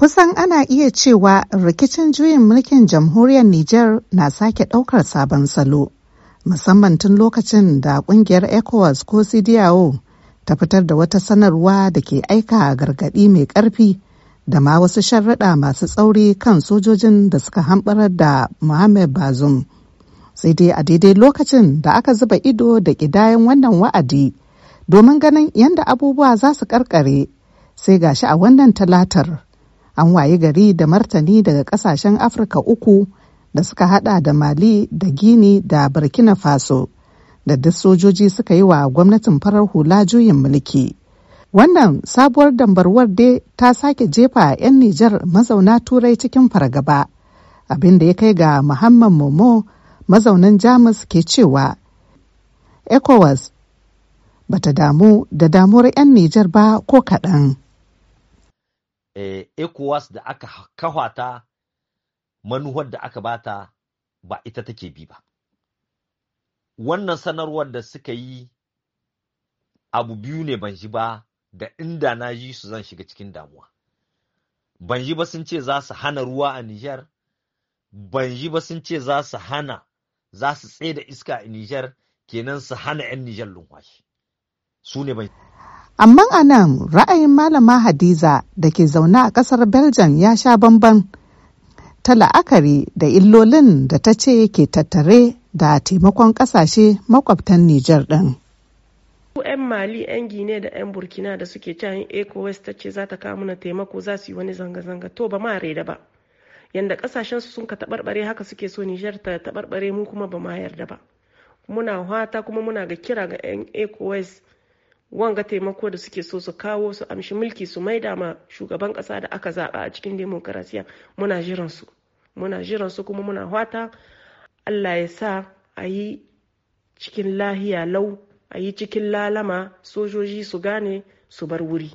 Kusan ana iya cewa rikicin juyin mulkin jamhuriyar Nijar na sake ɗaukar sabon salo, musamman tun lokacin da ƙungiyar ECOWAS ko CDAO ta fitar da wata sanarwa da ke aika gargaɗi mai ƙarfi da ma wasu sharaɗa masu tsauri kan sojojin da suka hamɓarar da Mohamed Bazoum. Sai dai a daidai lokacin da aka zuba ido da ƙidayen wannan wa'adi domin ganin yadda abubuwa za su ƙarƙare sai gashi a wannan talatar. an wayi gari da martani daga kasashen afirka uku da suka hada da mali da gini da burkina faso da duk sojoji suka yi wa gwamnatin farar hula juyin mulki wannan sabuwar dambarwar dai ta sake jefa 'yan nijar mazauna turai cikin fargaba abin da ya kai ga muhammad momo mazaunan jamus ke cewa ecowas bata damu da damuwar 'yan nijar ba ko kaɗan. Eh, ECOWAS da aka kawata manuwar da aka bata ba ita take bi ba. Wannan sanarwar da suka yi abu biyu ne ban ji ba da inda na ji su zan shiga cikin damuwa. Ban ji ba sun ce za su hana ruwa a Nijar, ban ji ba sun ce za su hana za su tsaye da iska a Nijar kenan su hana 'yan Nijar lumfashi. Su ne ban Amma a nan ra'ayin Malama Hadiza da ke zaune a kasar Belgium ya sha bamban ta la'akari da illolin da ta ce ke tattare da taimakon ƙasashe makwabtan Nijar ɗin. 'yan mali 'yan gine da 'yan burkina da suke cayin ecowas ta ce za ta kawo mana taimako za su yi wani zanga-zanga to ba ma reda ba yanda kasashen su sun ka taɓarɓare haka suke so nijar ta taɓarɓare mu kuma ba ma yarda ba muna hata kuma muna ga kira ga 'yan ecowas wanga taimako da suke so su kawo su amshi mulki su maida ma shugaban kasa da aka zaba a cikin demokarasiya muna jiran su muna jiran kuma muna hwata allah ya sa a yi cikin lahiya lau a yi cikin lalama sojoji su gane su bar wuri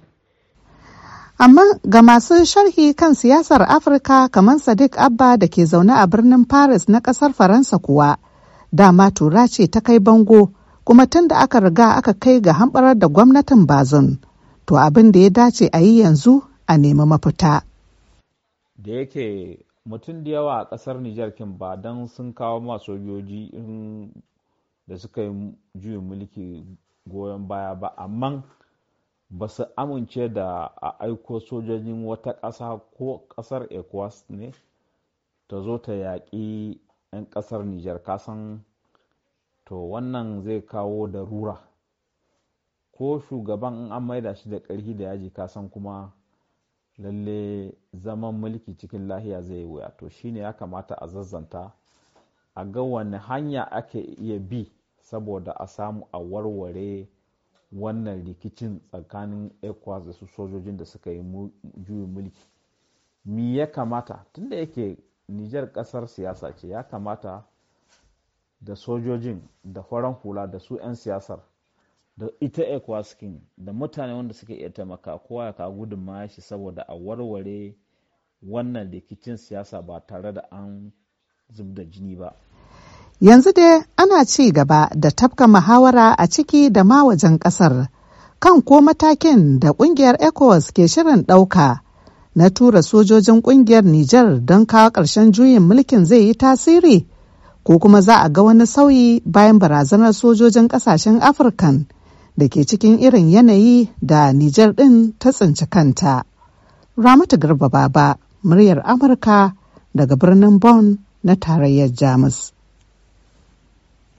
amma ga masu sharhi kan siyasar afirka kamar sadiq abba da ke zaune a birnin paris na kasar faransa kuwa dama tura ce ta kai bango kuma tun da aka riga aka kai ga hamɓarar da gwamnatin bazin to abin da ya dace a yi yanzu a nemi mafita da yake mutum da yawa a ƙasar nijar kin ba don sun kawo ma sojoji da suka yi juyin mulki goyon baya ba amma ba su amince da a aiko sojojin wata ƙasa ko ƙasar ecowas ne ta zo ta yaƙi 'yan ƙasar nijar kasan to wannan zai kawo da rura ko shugaban in an maida shi da ƙarfi da yaji kasan kuma lalle zaman mulki cikin lahiya zai yi wuya to shine ya kamata a zazzanta a ga wani hanya ake iya bi saboda a samu a warware wannan rikicin tsakanin ecowas da su sojojin da suka yi juyin mulki mi ya kamata tunda yake nijar kasar siyasa ce ya kamata da sojojin da faran hula da su 'yan siyasar da ita ecowas da mutane wanda suke iya taimaka kowa ya ka gudun shi saboda a warware wannan rikicin siyasa ba tare da an zub da jini ba yanzu dai ana ci gaba da tafka muhawara a ciki da ma wajen kasar kan ko matakin da kungiyar ecowas ke shirin ɗauka na tura sojojin kungiyar niger don kawo ƙarshen juyin mulkin zai yi tasiri ko kuma za a ga wani sauyi bayan barazanar sojojin kasashen afirkan da ke cikin irin yanayi da nijar ɗin ta tsinci kanta ramatu garba baba muryar amurka daga birnin Bon na tarayyar Jamus.